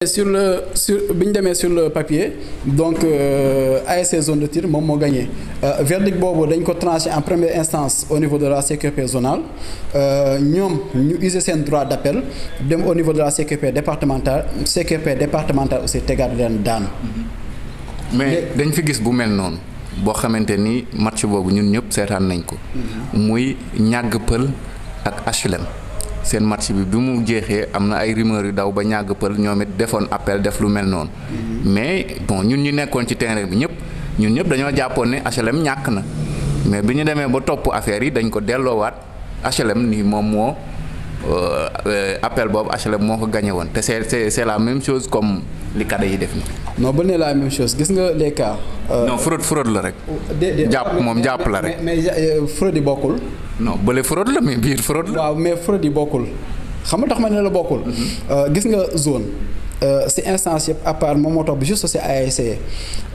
sur le sur sur le papier donc euh, ASC zone de tir mom vais gagné Le euh, verdict est dañ ko tranché en première instance au niveau de la sécurité zonale Nous euh, ñu user seen droit d'appel au niveau de la sécurité départementale sécurité départementale aussi dans le dan mais dañ fi gis bu mel non bo xamante ni match bobu ñun ñëpp sétane nañ ko. Mm-hmm. muy ñag peul ak HLM. seen match bi bi mu jeexee am na ay rumeurs yu daw ba ñàgg pël ñoom it defoon appel def lu mel noonu. mais bon ñun ñu nekkoon ci terrain bi ñëpp ñun ñëpp dañoo jàppoon ne HLM ñàkk na mais bi ñu demee ba topp affaire yi dañ ko delloowaat HLM ni moom moo euh, appel boobu HLM moo ko gagné woon te c'est c'est c'est la même chose comme li kada yi def nii. non ba ne laa même chose gis nga les cas. Euh, non fraude la rek. jàpp moom jàpp la rek. mais euh, yi bokkul. non bële fraude la mais biir fraude la. waaw mais fraude yi bokkul xam nga tax ma ne la bokkul. Mhm. Euh, gis nga zone. Euh, si instance yëpp à part moom moo topp juste si ASC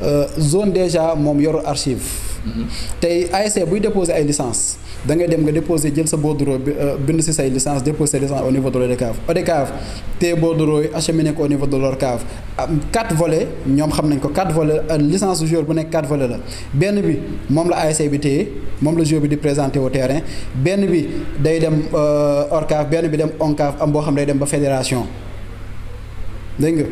euh, zone déjà moom yoru archive. Mhm. tey ASC buy déposer ay licence da ngay dem nga déposer jël sa bordereau euh, bind si say licence déposer licence au niveau de l'ODCAV ODCAV téye bordereau yi acheminé ko au niveau de leur cave am quatre volets ñom xam nañ ko quatre volets euh, licence du joueur bu nek quatre volets la benn bi mom la ASC bi téye mom la joueur bi di présenter au terrain benn bi day dem euh, ORCAV benn bi dem ONCAV am bo xam day dem ba fédération dégg nga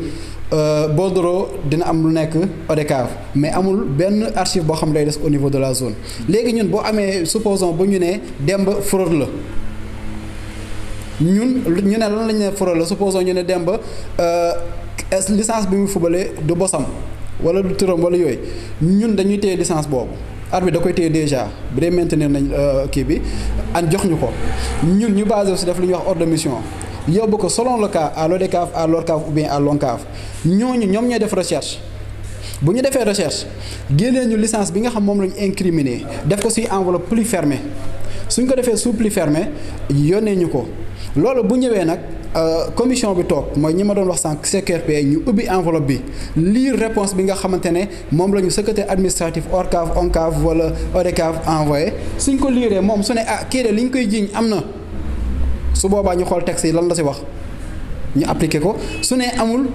euh, bordereau dina am lu nekk ODCAV mais amul benn archive boo xam lay des au niveau de la zone léegi ñun boo amee supposons bu ñu ne Demba fraude la ñun ñu ne lan lañ ne fraude la supposons ñu ne Demba euh, est licence bi mu fubale du bosam wala du turam wala yooyu ñun dañuy téye licence boobu arbitre bi da koy téye déjà bu dee maintenir nañ euh, kii bi an jox ñu ko ñun ñu basé si def lu ñuy wax ordre de mission yóbbu ko selon le cas à l'ODCAV à l'ORCAV ou bien à ñoo ñu ñom ñoy def recherche bu ñu defee recherche génnee ñu licence bi nga xam mom lañu incriminer def ko suy enveloppe plus fermée suñ ko defee sous plus fermé yónnee ñu ko loolu bu ñëwee nag euh, commission bi toog moy ñima doon wax sànq CQRP ñu ubi enveloppe bi lire réponse bi nga xamante ne moom la ñu secrétaire administratif ORCAV ONCAV wala ODCAV envoyé suñ ko liré mom su ne ah kii de koy jiiñ amna su boobaa ñu xool teg si lan la si wax ñu appliqué ko su ne amul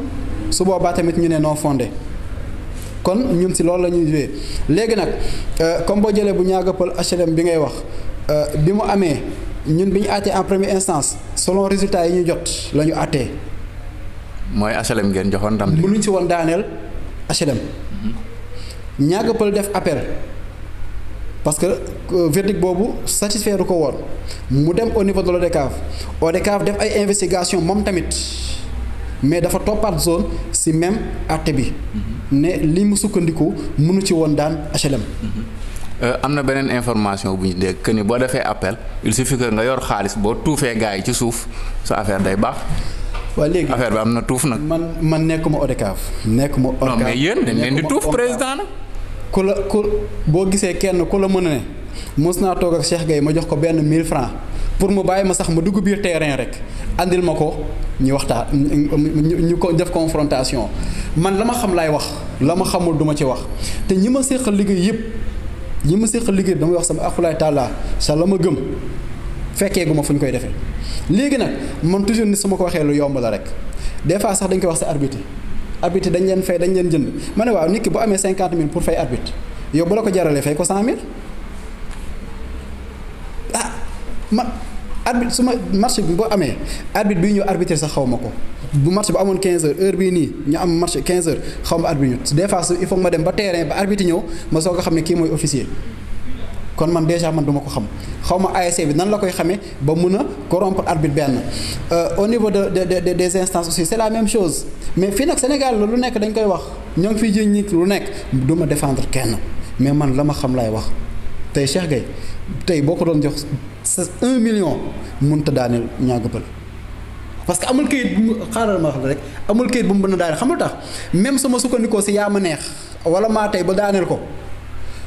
su boobaa tamit ñu ne non fondé kon ñun si loolu la ñuy joué léegi nag euh, comme boo jëlee bu ñaagapal HLM bi ngay wax euh, bi mu amee ñun bi ñu àttee en première instance selon résultat yi ñu jot la ñu àttee. mooy HLM ngeen joxoon ndam li. mënuñ si woon daaneel HLM. Mm-hmm. ñaagapal def appel. parce que euh, verdict bobu satisfait ko woon mu dem au niveau de l'ODCAV ODCAV def ay investigation mom tamit mais dafa topat zone si même àtte bi mm-hmm. ne li mu sukkandiku mënu ci won dan HLM. Mm-hmm. euh amna benen information bu ñu dégg que ni bo défé appel il suffit que nga yor xaliss bo tuufee gars yi ci souf sa affaire day bax waaw léegi affaire bi amna touf nak man man nekkuma ODCAV. nekkuma ODCAV non mais yéen dañ leen di tuuf président nag. ku la ku boo gisee kenn ku la mën a ne mos naa toog ak Cheikh Gueye ma jox ko benn 1000 francs pour mu bàyyi ma sax ma dugg biir terrain rek andil ma ko ñu waxtaan ñu ko def confrontation man la ma xam laay wax la ma xamul duma ci wax te ñi ma séqal liggéey yëpp ñi ma séqal liggéey damay wax sama akulaay tàllaa sax la ma gëm fekkee gu ma fu ñu koy defee léegi nag man toujours ni su ma ko waxee lu yomb la rek des fois sax dañ koy wax sa arbitre arbitre dañ leen fay dañ leen jënd ma ne waaw nit ki bu amee cinquante mille pour fay arbitre yow bu la ko jaralee fay ko cent mille ah ma arbitre su ma marché bi boo amee arbitre bi ñu arbitre sax xaw ma ko bu marché bu amoon 15 heures heure bii nii ñu am marché 15 heures xaw ma arbitre ñu des fois il faut ma dem ba terrain ba arbitre ñëw ma soo a xam ne kii mooy officier. kon man déjà man duma ko xam xaw ma ASC bi nan la koy xamee ba mun a corrompre arbitre benn euh, au niveau de de de instances aussi c'est la même chose mais fii nag Sénégal la lu nekk dañ koy wax ñoo ngi fiy jiñ nit lu nekk du ma défendre kenn mais man la ma xam laay wax tey Cheikh Gueye tey boo ko doon jox sa un million mënut a daaneel ñaagëbal parce que amul kayit bu mu xaaral ma wax rek amul kayit bu mu mën a daaneel xam nga tax même suma sukkandikoo si yaa ma neex wala maa ba daaneel ko.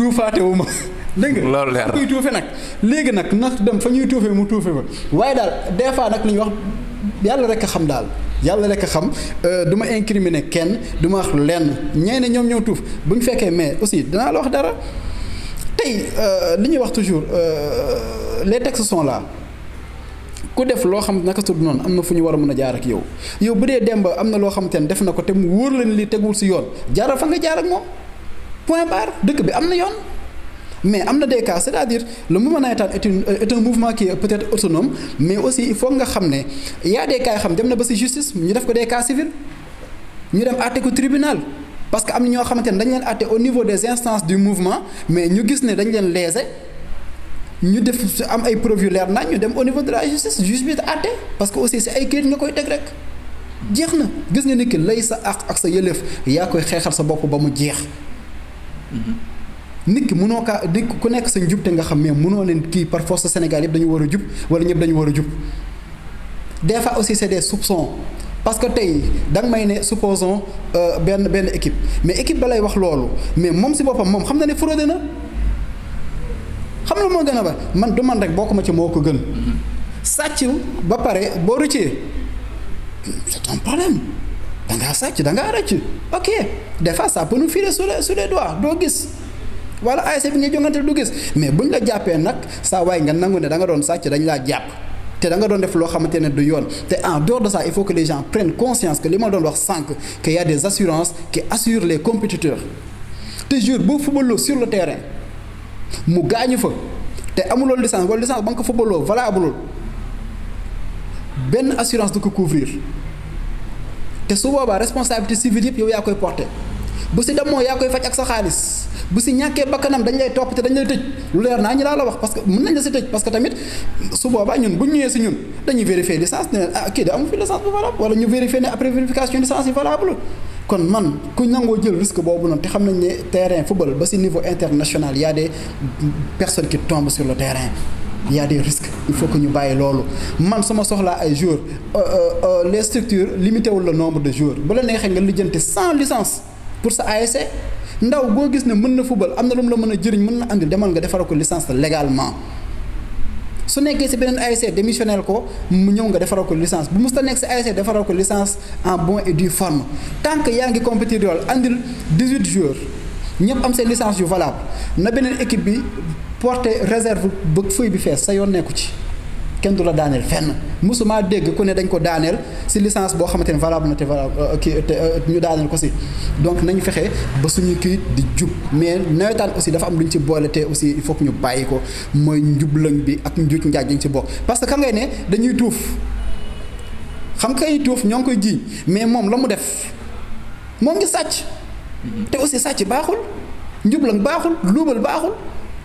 tuufaate wu ma. dégg loolu leer na kuy nag léegi nag nax dem fa ñuy tuufe mu tuufe fa waaye daal des fois nag lu ñuy wax yàlla rek xam daal yàlla rek a xam euh, du ma incriminer kenn du ma wax lenn ñee ne ñoom ñoo tuuf bu ñu fekkee mais aussi danaa la wax dara tey euh, li ñuy wax toujours euh, les textes sont là ku def loo xam naka su noonu am na fu ñu war a mun a jaar ak yow yow bu dee demb am na loo xam te ne def na ko te mu wóor la ni li teguwul si yoon jaaral fa nga jaar ak moom. point barre deuk bi amna na mais amna des cas c'est-à-dire le mouvement navétane est une euh, est un mouvement qui est peut-être autonome mais aussi il faut nga xamné il y a des cas qui xam dem na ba ci justice ñu def ko des cas civils ñu dem atté ko tribunal parce que am na ñoo xamante dañ leen atté au niveau des instances du mouvement mais ñu gis ne dañ leen lésé ñu def am ay preuves leer nañ ñu dem au niveau de la justice juste bi atté parce que aussi c'est ay kayit nga koy rek jeexna na gis nga ni ki lay sa ak sa yëleef ya koy xéxal sa bopp ba mu jeex. nit ki mënoo kaa nit ku nekk sa jub te nga xam mais mënoo leen kii par force Sénégal yëpp dañu war a jub wala ñëpp dañu war a jub des fois aussi c'est des soupçons parce que tey da may ne supposons euh, benn benn équipe mais équipe ba lay wax loolu mais moom si boppam moom xam na ne fraude na xam na moo gën a ba man du man rek bokk ma ci moo ko gën mm-hmm. sàcc ba pare boo rëccee c'est problème da ngaa sàcc da ok des fois ça peut nous filer sur les sur les doigts do gis wala ay ah, bi ngay jongante du gis mais buñ la jappé nak saa way nga nangou ne da nga doon sàcc dañ la japp té da nga doon def lo xamante ne du yoon te en dehors de ça il faut que les gens prennent conscience que li ma doon wax sank que y a des assurances qui assurent les compétiteurs te jour bu football sur le terrain mu gañu fa te amuloo licence wala licence Banque nga ko footballoo valable ben assurance de couvrir. te su boobaa responsabilité civile yëpp yow yaa koy porté bu si demoo yaa koy faj ak sa xaalis bu si ñàkkee bakkanam dañ lay topp te dañ lay tëj lu leer naa ñu laa la wax parce que mën nañ la si tëj parce que tamit su boobaa ñun bu ñu si ñun dañuy vérifier licence ne ah kii de amu fi licence bu valable wala ñu vérifier ne après vérification licence yi valable kon man ku nangoo jël risque boobu noonu te xam nañ ne terrain football ba si niveau international y a des personnes qui le terrain il y a des risques il faut que ñu bàyyi loolu man sama soxla ay jours euh, euh, euh les structures limité wul le nombre de joueurs bu la nexé nga lijjanti sans licence pour sa ASC ndaw boo gis ne mën na football amna na lu mu la mëna jëriñ mën na andi demal nga defaral licence légalement su nekké ci beneen ASC démissionnel ko mu ñëw nga defaral licence bu mus ta nekk si ASC defaral licence en bon et due forme tant que yaa ngi compétir andil 18 joueurs ñepp am seen licence yu valable na beneen équipe bi porter réserve ba feuille bi fees sa yoon nekku ci kenn du la fenn musuma dégg ku ne dañ ko daaneel ci licence bo xamante valable na te valable euh, euh, ñu daaneel ko ci donc nañ fexé ba suñu ki di jub mais nawetaan aussi dafa am lu ci boleté aussi il faut que ñu bayiko moy mooy njublañ bi ak njuuj njaaj dañ ci bok parce que ka ngay ne dañuy touf xam kay touf ñong koy di mais mom lamu def mo ngi satch te aussi sàcc baaxul njublañ baaxul luubal baaxul.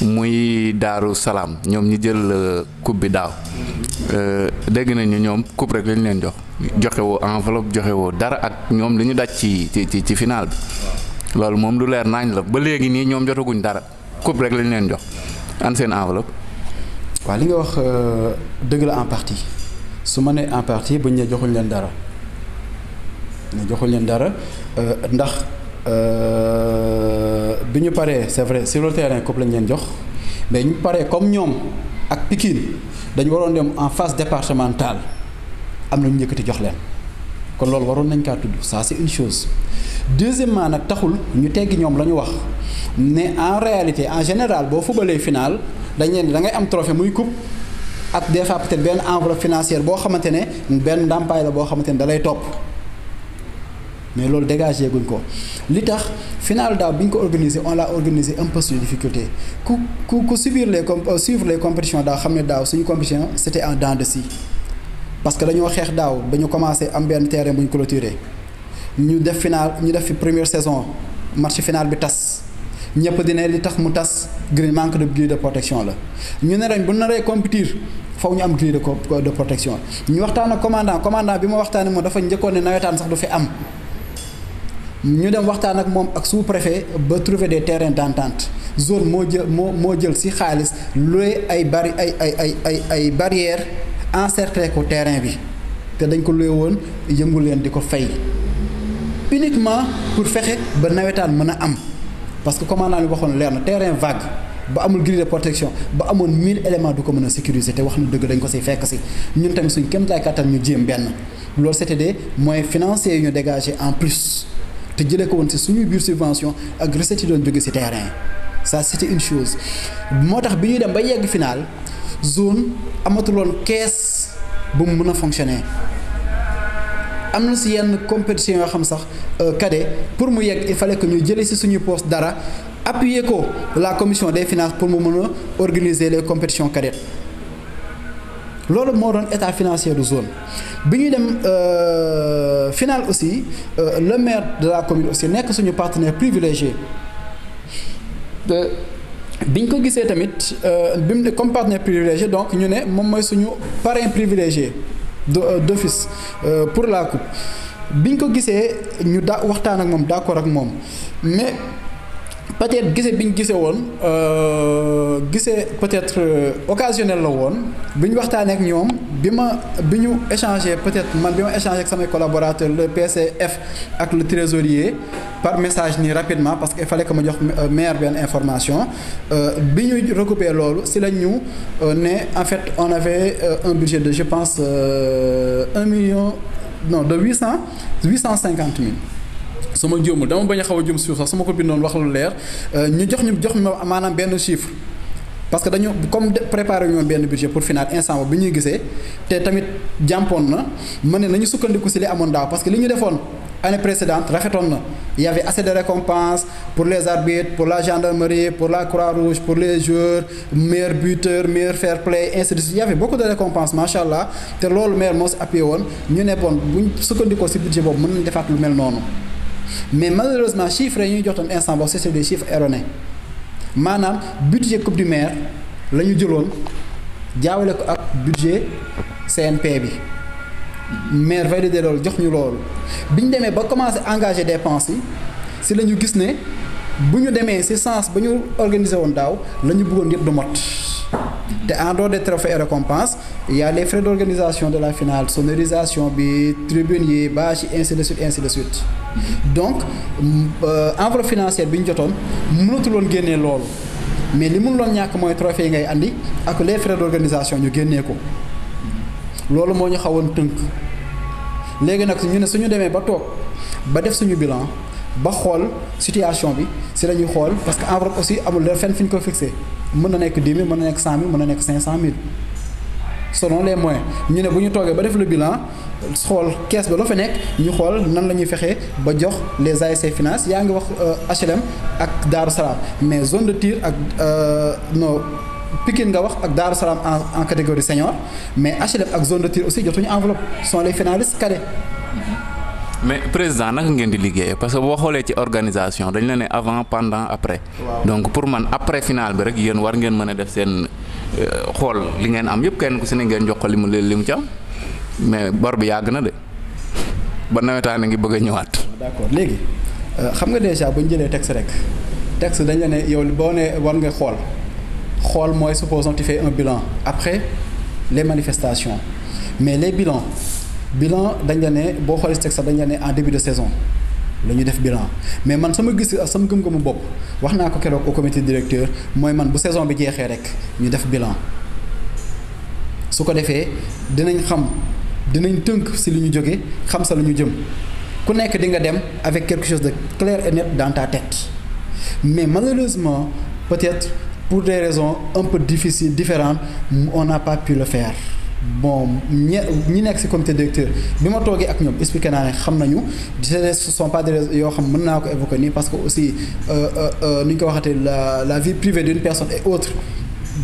muy Daaru Salaam ñoom ñi jël euh, coupe bi daaw euh, dégg nañu ñoom coupe rek lañ leen jox joxewoo woo enveloppe joxe dara ak ñoom li ñu daj ci ci ci final bi loolu moom lu leer naañ la ba léegi nii ñoom jotaguñ dara coupe rek lañ leen jox an seen enveloppe. waaw li nga wax euh, dëgg la en partie su ma nee en partie buñ ne joxuñ leen dara ne joxuñ leen dara ndax. bi ñu paree c'est vrai sur le terrain coupe lañ leen jox mais ñu paré comme ñom ak Pikine dañ waron dem en phase départementale am na ñu yëkkati jox leen kon lool waron nañ ka tudd ça c'est une chose deuxièmement nak taxul ñu teggi ñom lañu wax mais en réalité en général bo fubalee final dañ leen da ngay am trophée muy coupe ak des fois peut-être ben enveloppe financière bo xamantene ben benn la bo xamantene ne da lay topp mais lol dégagé guñ ko li tax final da biñ ko organiser on l'a organisé un peu sur difficulté ku ku ku subir les com euh, suivre les compétitions da xamné da daaw suñu compétition c'était en dents de scie parce que dañoo xex daaw ba commencer am benn terrain buñ clôturé ñu def final ñu def fi première saison match final bi tass ñëpp dina li tax mu tass grille manque de guide de protection la ñu ne ren bu naree compétir faw ñu am guide de de protection ñu waxtaan ak commandant commandant bima ma mo dafa ñëkkone ne sax du fi am ñu dem waxtaan ak moom ak sous-préfet ba trouver des terrains d'entente zone moo jël moo moo jël ci xaalis looy ay bari ay ay ay ay ay barrières encercler ko terrain bi te dañ ko luye woon yëngu leen di ko fay uniquement pour fexe ba nawetaan mën a am parce que commandant bi waxoon leer na terrain vague ba amul grille de protection ba amoon mille éléments du ko mën a sécuriser te wax na dëgg dañ ko siy fekk si ñun tamit suñ tay kattan ñu jéem benn loolu c'était des moyens financiers yu ñu dégagé en plus te jëlé ko won ci suñu bir subvention ak recette yi doon jóge terrain ça c'était une chose motax biñu dem ba yegg final zone amatuloon kees caisse bu mën fonctionner am na si yenn compétition yoo xam sax euh, cadet pour mu yegg il fallait que ñu jëlee si suñu poste dara appuyer ko la commission des finances pour mu mën organiser les compétitions cadettes L'ordre moo est état financier de zone biñu dem euh, final aussi euh, le maire de la commune aussi nek suñu partenaire privilégié de euh, biñ ko gissé tamit euh, comme partenaire privilégié donc ñu né mom moy suñu parrain privilégié euh, d'office pour la coupe biñ que ko gissé ñu waxtaan ak mom d'accord ak mom mais peut-être que bi euh, peut-être euh, occasionnel la woon bi ñu ak ñom bima biñu échanger échangé peut-être man bima ak collaborateurs le PCF ak le trésorier par message rapidement parce qu'il fallait que ma jox euh, maire ben information euh biñu recoupé lolu si la ñu né en fait on avait un budget de je pense 1 million non de 800, 850 000 sama jëmm dama bañ a xaw a jëm suuf sax su ma ko bindoon wax lu leer euh, ñu jox ñu jox manam benn chiffre parce que dañu comme préparer ñu benn budget pour final instant bi ñuy gisee te tamit jàmpoon na mané nañu sukkandiku ci li amoon daaw parce que li ñu defoon année précédente rafetoon na il y avait assez de récompenses pour les arbitres pour la gendarmerie pour la Croix-Rouge pour les joueurs meilleur buteur meilleur fair play ainsi de suite il y avait beaucoup de récompenses machallah allah te loolu maire moo si appuyé woon ñu né bon buñ sukkandiko ci budget boobu mën nañ defaat lu mel nonou mais malheureusement chiffres yi ñuy jox instant c'est des chiffres erronés manam budget coupe du maire lañu ñu jëloon ko ak budget CNP bi maire de loolu jox ñu loolu bi démé demee ba commencé engagé dépenses yi si lañu ñu gis ne bu ñu demee si sens ba organiser won daw daaw bëggone yépp du mot te en dehors des trophées et récompenses il y a les frais d'organisation de la finale sonorisation bi tribune yi bâche ainsi de suite ainsi de suite donc euh, enveloppe financière bi ñu jotoon mënatuloon génnee loolu mais li loon ñàkk mooy trophée yi ngay andi ak les frais d'organisation ñu génnee ko loolu moo ñu xawoon tënk léegi nag ñu ne suñu demee ba toog ba def suñu bilan ba xool situation bi si la xool parce que enveloppe aussi amul leen fenn fi ñu ko fixé mën na nekk 10 000 mën na nekk 100 000 mën na nekk 500 mille selon les moyens nous ne bu pas le bilan Nous avons ba loo fa nekk ñu nous nan les ASC finance nous avons wax HLM euh, ak es Salaam mais zone de tir ak avons euh, fait nga en catégorie senior mais HLM ak zone de tir aussi une enveloppe Ce sont les finalistes cadets. Mm-hmm. mais président comment vous di parce que vous avez ci organisation dañ la avant pendant après. donc pour moi, après finale vous rek yéen war ngeen mën euh, xool li ngeen am yëpp kenn ku si ne ngeen jox ko li mu li mu ci am mais bor bi yàgg na de ba nawetaan a ngi bëgg a ñëwaat. d'accord léegi euh, xam nga déjà bu ñu jëlee texte rek texte dañ la ne yow boo ne war nga xool xool mooy supposons tu fais un bilan après les manifestations mais les bilans bilan dañ la ne boo xoolee texte dañ la ne en début de saison la def bilan mais man sama gis sama gëm-gëmu bopp wax naa ko keroog au comité directeur moy man bu saison bi jeexee rek ñu def bilan su ko defee dinañ xam dinañ teunk si li ñu jóge xam sa lu ñu jëm ku nekk di nga dem avec quelque chose de clair et net dans ta tête mais malheureusement peut-être pour des raisons un peu difficiles différentes on n'a pas pu le faire bon ñi ñi nekk si comité directeur bi ma toogee ak ñoom expliqué naa ne xam nañu ce sont pas des raisons yoo xam mën naa ko évoquer nii parce que aussi euh, euh, euh, ni ñu ko waxatee la la vie privée d'une personne et autre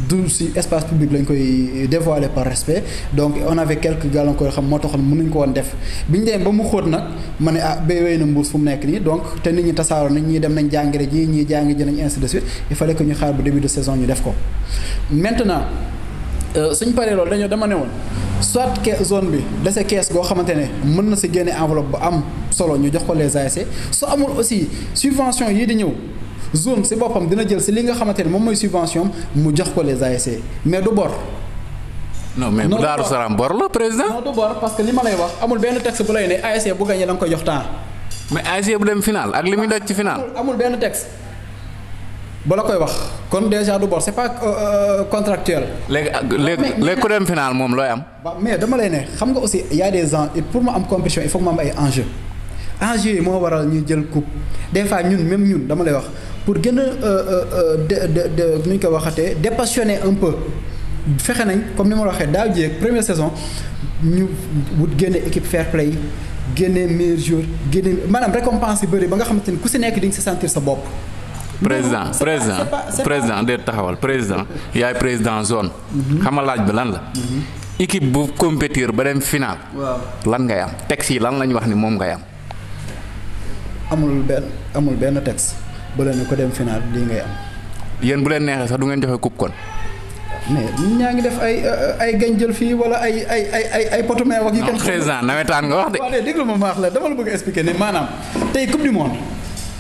du si espace public lañ koy dévoiler par respect donc on avait quelques gàllankoor yoo xam moo taxoon mënuñ ko woon def biñ ñu demee ba mu xóot nag ma ne ah béy wéy na mbuus fu mu nekk nii donc te nit ñi tasaaroo nañ ñii dem nañ jàngire ji ñii jàngi ji nañ ainsi de suite il fallait que ñu xaar ba début de saison ñu def ko maintenant. Euh, suñ paree loolu dañu dama ne woon soit ke zone bi dese kees goo go xamantene mën na ci génne enveloppe bu am solo ñu jox ko les ASC so amul aussi subvention yi di ñëw zone si bopam dina jël ci li nga xamantene mom moy subvention mu jox ko les ASC mais du bor. non mais bu Daaru Salaam bor la président. non du bor parce que li ma lay wax amul benn texte bu lay ne ASC bu gagné dang nga koy jox temps. mais ASC bu dem final ak li muy ci final. amul benn texte. Ce déjà c'est pas euh, euh, contractuel. les les les final mais dama lay xam y a des gens pour moi am il faut que je ay enjeu jeu. mo waral ñu jël des même pour de dépassionner un peu fexé nañ comme ni la première saison ñu wut équipe fair play gagner meilleur joueur récompense ba nga ku sentir sa président président président déet taxawal président yaay président zone mhm. xam nga laaj bi lan la mhm. équipe bu compétir ba dem final lan nga am texte lan lañ wax ni mom nga am amul ben amul ben texte bu len ko dem final lii nga am yeen bu len neexee sax du ngeen joxe coupe kon mais ñi ngi def ay ay ganjël fi wala ay ay ay ay ay potu meew ak yi kan président nawetan nga wax de waaw déglu ma wax la dama la bëgg expliquer ni manam tay coupe du monde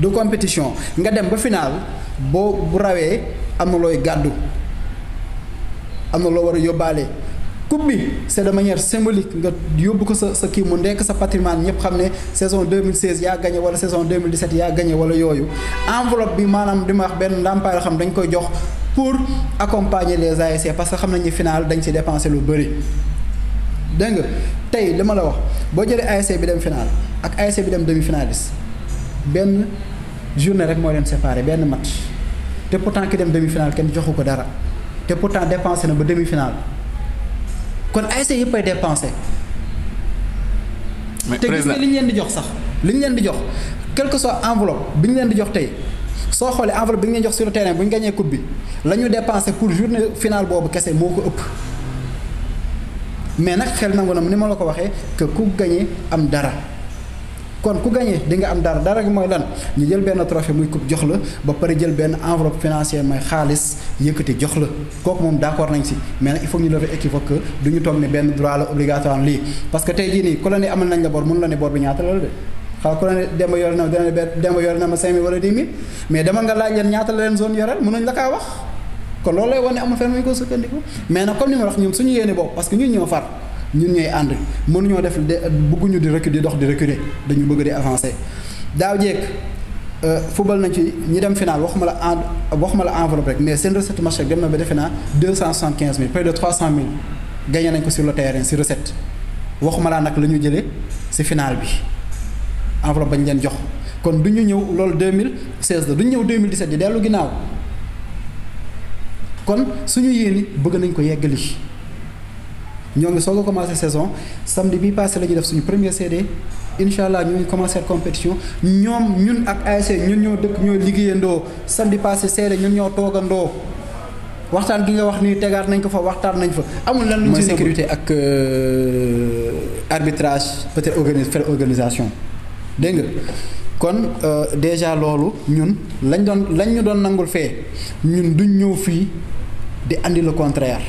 de compétition nga dem ba final bo bu rawee coupe de manière symbolique nga yob ko sa sa patrimoine saison 2016 ya gagné wala saison 2017 ya gagné wala yoyu. enveloppe bi wax pour accompagner les ASC parce que xam nañu final dañ ci dépenser lu Donc, tay dama la wax ASC bi dem final ak dem demi finaliste journée rek moo leen séparé benn match te pourtant ki dem demi-finale kenn joxu ko dara te pourtant dépensé na ba demi-finale kon ASC yëpp ay dépensé. te gis nga li ñu leen di jox sax li ñu leen di jox quel que soit enveloppe bi ñu leen di jox tey soo xoolee enveloppe bi ñu jox sur le bu ñu gañee coupe bi la ñu dépensé pour journée finale boobu kese moo ko ëpp. mais nag xel nangu na ni ma la ko waxee que ku gagné am dara. kon ku gagné di nga am dara dara gi moy lan ñu jël ben trophée muy coupe jox la ba paré jël ben enveloppe financière may xaalis yëkëti jox la kooku moom d' nañ ci mais il faut ñu lever équivoque que duñu tok né ben droit la obligatoire li parce que tay jii ni ko la ne amal nañ la bor mën la ne bor bi ñaata la dé xaw ko la ne demba yor na dana demba yor na ma 5000 wala 10000 mais dama nga laaj leen ñaata la len zone yoral mënuñ la ka wax ko loolu lay amu fenn muy ko sukkandiku mais na comme ni ma wax ñun suñu yéne boobu parce que ñun ñoo far ñun and mënu ñoo def bëggu ñu di reculer di dox di reculer dañu bëgg di avancer daaw jek euh football nañ ci ñi dem final waxuma la and waxuma la enveloppe rek mais seen recette match rek dem na ba defena naa deux près de trois cent gagné nañ ko sur le terrain si recette waxuma la nak lañu jëlé ci final bi enveloppe bañ leen jox kon duñu ñu ñëw loolu 2016 la du ñëw 2017 di dellu ginnaaw kon suñu yéene bëgg nañ ko yeggali. Nous ngi commencé la saison samedi bi passé la ñu def suñu premier CD compétition ñoom ñun ak ASC ñun ñoo ñoo samedi passé CD ñun ñoo toogandoo waxtaan gi nga wax ni tegaat nañ ko fa waxtaan nañ fa amul lan sécurité ak euh, arbitrage peut-être faire organisation euh, déjà ñun lañ lañ ñu nangul ñun duñ le contraire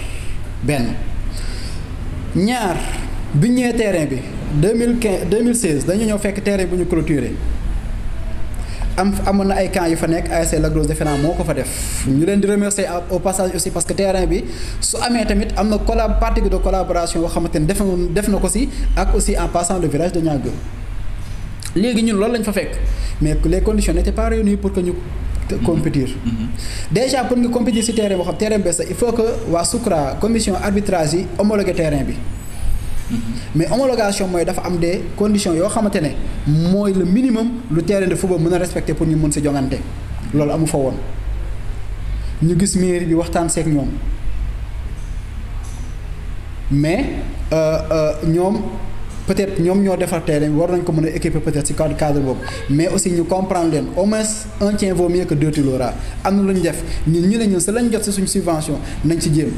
ñaar bi ñëwee terrain bi deux mille quinze deux mille seize dañu ñëw fekk terrain bu ñu clôturé am amoon na ay camps yu fa nekk ASC Lac Rose defe naa moo ko fa def ñu leen di remercier au passage aussi parce que terrain bi su amee tamit am na collab partie de collaboration boo xamante ni def na ko si ak aussi en passant le village de Niague. mais les conditions n'étaient pas réunies pour que nous compétir mm-hmm. Mm-hmm. déjà pour que compétir sur terrain terrain il faut que la la commission arbitrage yi le terrain bi mm-hmm. mais l'homologation il faut que des conditions yoo xamante le minimum le terrain de football mën a respecter pour ñu mën ce jongante loolu amu fa Nous ñu gis mairie bi waxtaan nous avons mais nous euh, euh, peut-être ñoom ñoo defar terrain bi war nañ ko mën a équiper peut-être si cadre cadre boobu mais aussi ñu comprendre leen au moins un tien vaut mieux que deux tu l'auras am na lu ñu def ñun ñu ne ñun sa lañ jot si suñu subvention nañ si jéem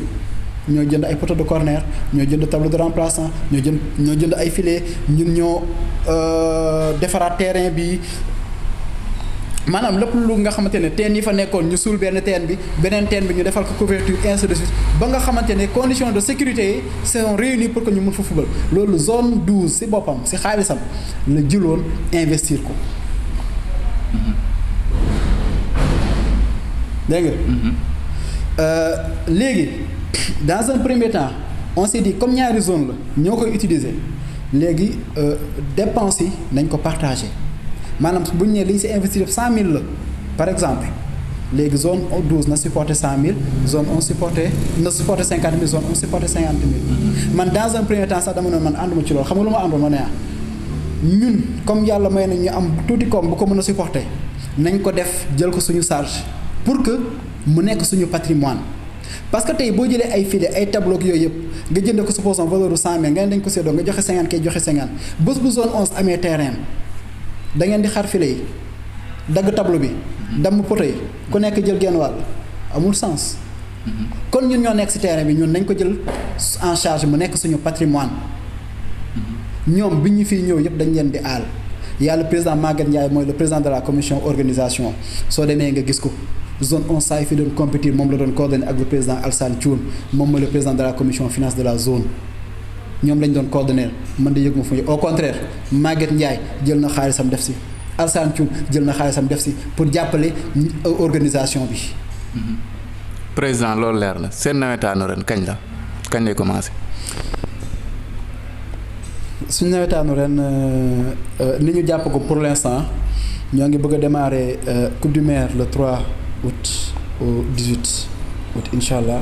ñoo jënd ay poteau de corner ñoo jënd tableau de remplaçant ñoo jënd ñoo jënd ay filet ñun ñoo euh, defaraat terrain bi manam lepp lu nga xamantene ne teen yi fa nekkoon ñu sul benn teen bi beneen teen bi ñu defal ko couverture ainsi de suite ba nga xamantene ne conditions de sécurité yi sont réunies pour que ñu mun fa fubal loolu zone 12 si boppam si xaalisam la jëloon investir ko. dégg nga. Mm-hmm. Euh, léegi dans un premier temps on s'est dit comme ñaari zone la ñoo koy utiliser léegi euh, dépenses yi nañ ko partager manam bu si investir 100 par exemple léegi zone 12 na supporté 000 zone 11 supporté na supporté 50.000 zone 11 supporté 50.000 dans un premier temps sax dama ne man ànduma ci loolu xam nga lu ma ah, ñun comme yàlla may na ñu am tuuti koom bu ko supporté nañ ko def jël ko pour que mu patrimoine parce que tey boo ay ay nga jënd ko supposons valeur dañ ko 11 terrain da ngeen di xar file yi dagg tableau bi damm poto yi ku nekk jël genn wàll amul sens kon ñun ñoo nekk ci terrain bi ñun nañ ko jël en charge mu nekk suñu patrimoine ñoom bi ñu fiy ñëw yëpp dañ leen di aal yàlla président Maguette Ndiaye mooy le président de la commission organisation soo demee nga gis ko zone 11 saa yi fi doon compétir moom la doon coordonné ak le président Alsane Thioune moom mooy le président de la commission finance de la zone ñom lañ doon coordonner man de yëguma fu ñu au contraire Maguette Ndiaye jël na xaalisam def ci Alsane Thioum jël na xaalisam def ci pour jàppale euh, organisation bi. Mhm. président loolu leer la seen nawetaanu ren kañ la kañ lay commencé. suñu nawetaanu ren ni euh, euh, ñu japp ko pour l'instant instant ñoo ngi bëgg a démarrer coupe du maire le 3 août au 18 août inshallah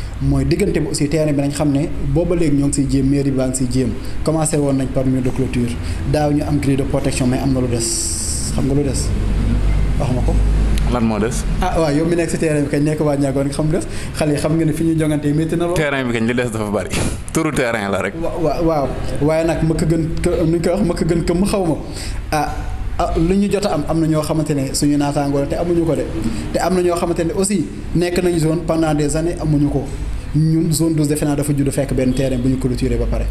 mooy diggante bi aussi terrain bi nañ xam ne booba léegi ñoo ngi siy jéem mairie baa ngi siy jéem commencé woon nañ par mur de clôture daaw ñu am grille de protection mais am na lu des xam nga lu des wax ma ko. lan moo des. ah waaw yow mi nekk si terrain bi kañ nekk waa Niakhou nga xam des xale yi xam nga ne fi ñuy jongante métti na lool. terrain bi kañ li des dafa bari turu terrain la rek. wa waaw waaye nag ma gën nu ñu koy wax ma ko gën ka mu xaw ma ah. ah lu ñu jot am am na ñoo xamante ne suñu naataangoo la te amuñu ko de te am na ñoo xamante ne aussi nekk nañu zone pendant des années amuñu ko ñun zone 12 defe dafa judd fekk benn terrain bu ñu clôturé ba pare.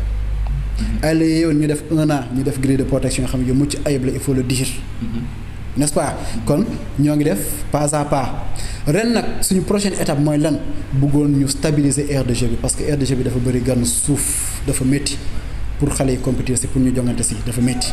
ay yoon ñu def un an ñu def grille de protection yoo xam ne yu mucc ayib la il faut le dire. Mm-hmm. n'est-ce pas kon ñoo ngi def pas à pas ren nag suñu prochaine étape mooy lan bëggoon ñu stabiliser aire de jeu bi parce que aire de jeu bi dafa bëri gan suuf dafa métti pour xale yi computer si pour ñu jongante si dafa métti.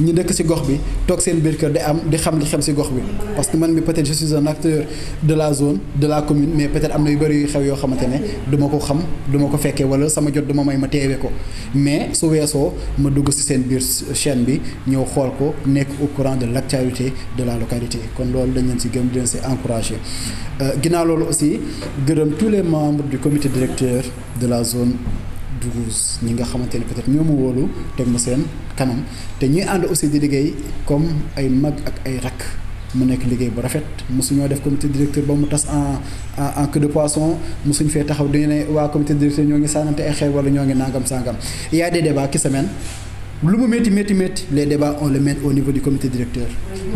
ñi dëkk ci gox bi toog seen biir kër di am di xam li xam ci gox bi parce que man mi peut-être je suis un acteur de la zone de la commune mais peut-être am na yu bëri yu xew yoo xamante ne du ma ko xam du ma ko fekkee wala sama jot duma may ma teewee ko mais su weesoo ma dugg ci seen biir chaîne bi ñëw xool ko nekk au courant de l'actualité de la localité kon loolu dañ leen ci gëm di leen ci encourager euh, ginnaaw loolu aussi gërëm tous les membres du comité directeur de la zone dugus ñi nga xamanteni peut être ñoomu wolu tek ma seen kanam te ñi and aussi di liggéey comme ay mag ak ay rak mu nekk liggéey bu rafet mosuñoo def comité directeur ba mu tas en en queue de poisson mosuñ fe taxaw dañu ne wa comité directeur ñoo ngi ay xeer wala ñoo ngi nangam sangam y a des débats qui lu mu metti metti metti les débats on le met au niveau du comité directeur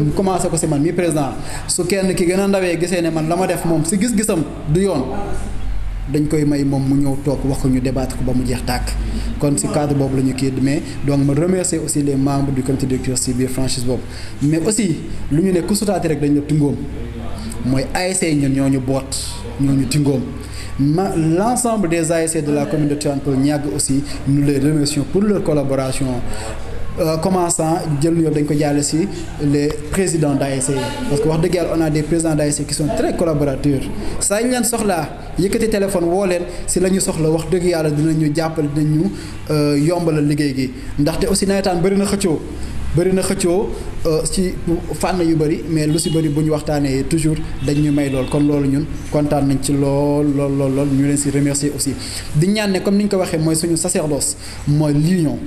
mu commencé ko si man mi président su kenn ki gëna ndawé gisé né man lama def mom ci gis-gisam du yoon dañ koy may mom mu ñëw tok wax ko ñu débattre ko ba mu jeex tak kon ci cadre bobu lañu ñu mais donc ma remercier aussi les membres du comité directeur si biir franchise bobu mais aussi lu ñu né ko sutaati rek dañ la tingoom moy ASC ñun ñoo ñu boot ñoo ñu l'ensemble des ASC de la communauté de Tivaouane aussi nous les remercions pour leur collaboration euh, commençant jël yooyu dañ ko jaale si les présidents d'ASC parce que wax dëgg on a des présidents d'ASC qui sont très collaborateurs saa ñu leen soxlaa yëkkati téléphone woo leen si la ñu soxla wax dëgg yàlla dinañu jàppale dinañu euh, yombalal liggéey gi ndaxte aussi nawetaan bëri na xëccoo bëri na xëccoo euh, ci fan yu bëri mais lu ci bëri bu waxtané toujours dañ ñu may lool kon loolu ñun contane nañ ci lool lool lool ñu leen ci remercier aussi di ñaan ne comme niñ ko waxee moy suñu sacerdoce moy l'union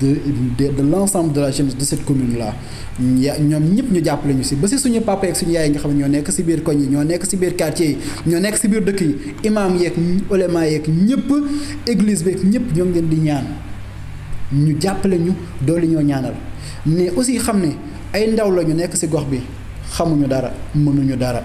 de de de l'ensemble de la jeunesse de cette commune là ñoom ñëpp ñu jàppale ñu si ba si suñu papa ak suñu yaay yi nga xam ne ñoo nekk si biir koñ yi ñoo nekk si biir quartier yi ñoo nekk si biir dëkk yi imam yeeg olema yeeg ñëpp église beeg ñëpp ñoo ngi leen di ñaan ñu jàppale ñu doole ñoo ñaanal mais aussi xam ne ay ndaw la ñu nekk si gox bi xamuñu dara mënuñu dara.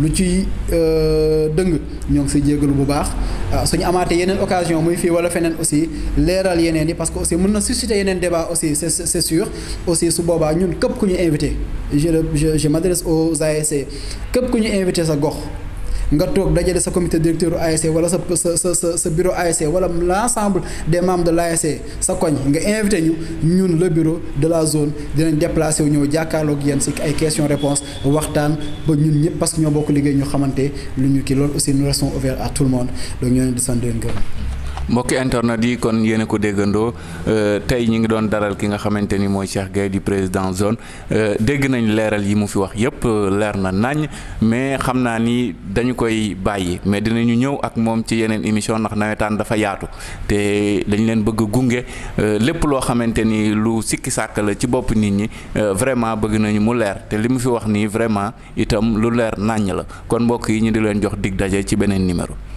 lu ci euh, dëng ñoo ngi si jégalu bu baax ah, suñu amaatee yeneen occasion muy fii wala feneen aussi leeral yeneen yi parce que aussi mën na susciter yeneen débat aussi c'est c'est sûr aussi su boobaa ñun képp ku ñu invité je je je m'adresse aux ASC képp ku ñu invité sa gox nga toog dajale sa comité directeur ASC e wala sa sa sa sa bureau ASC e wala l'ensemble des membres de l'ASC e sa koñ nga invité ñu ñun le bureau de la zone dinañ déplacé wu ñëw jàkkaarloog yéen si ay questions réponses waxtaan ba ñun ñep parce que ñoo bokk liggéey ñu xamanté lu ñu ki lool aussi nous restons ouverts à tout le monde donc ñoo leen di sant mbokki internet yi kon yéen a ko déggandoo euh, tey ñi ngi doon daral ki nga xamante ni mooy Cheikh gay di président zone euh, dégg nañ leeral yi mu fi wax yëpp euh, leer na nañ mais xam naa ni dañu koy bàyyi mais dinañu ñëw ak moom ci yeneen émission ndax nawetaan dafa yaatu te dañ leen bëgg gunge lépp loo xamante ni lu sikki sàkk la ci bopp nit ñi vraiment bëgg nañu mu leer te li mu fi wax nii vraiment itam lu leer naññ la kon mbokk yi ñu di leen jox dig daje ci beneen numéro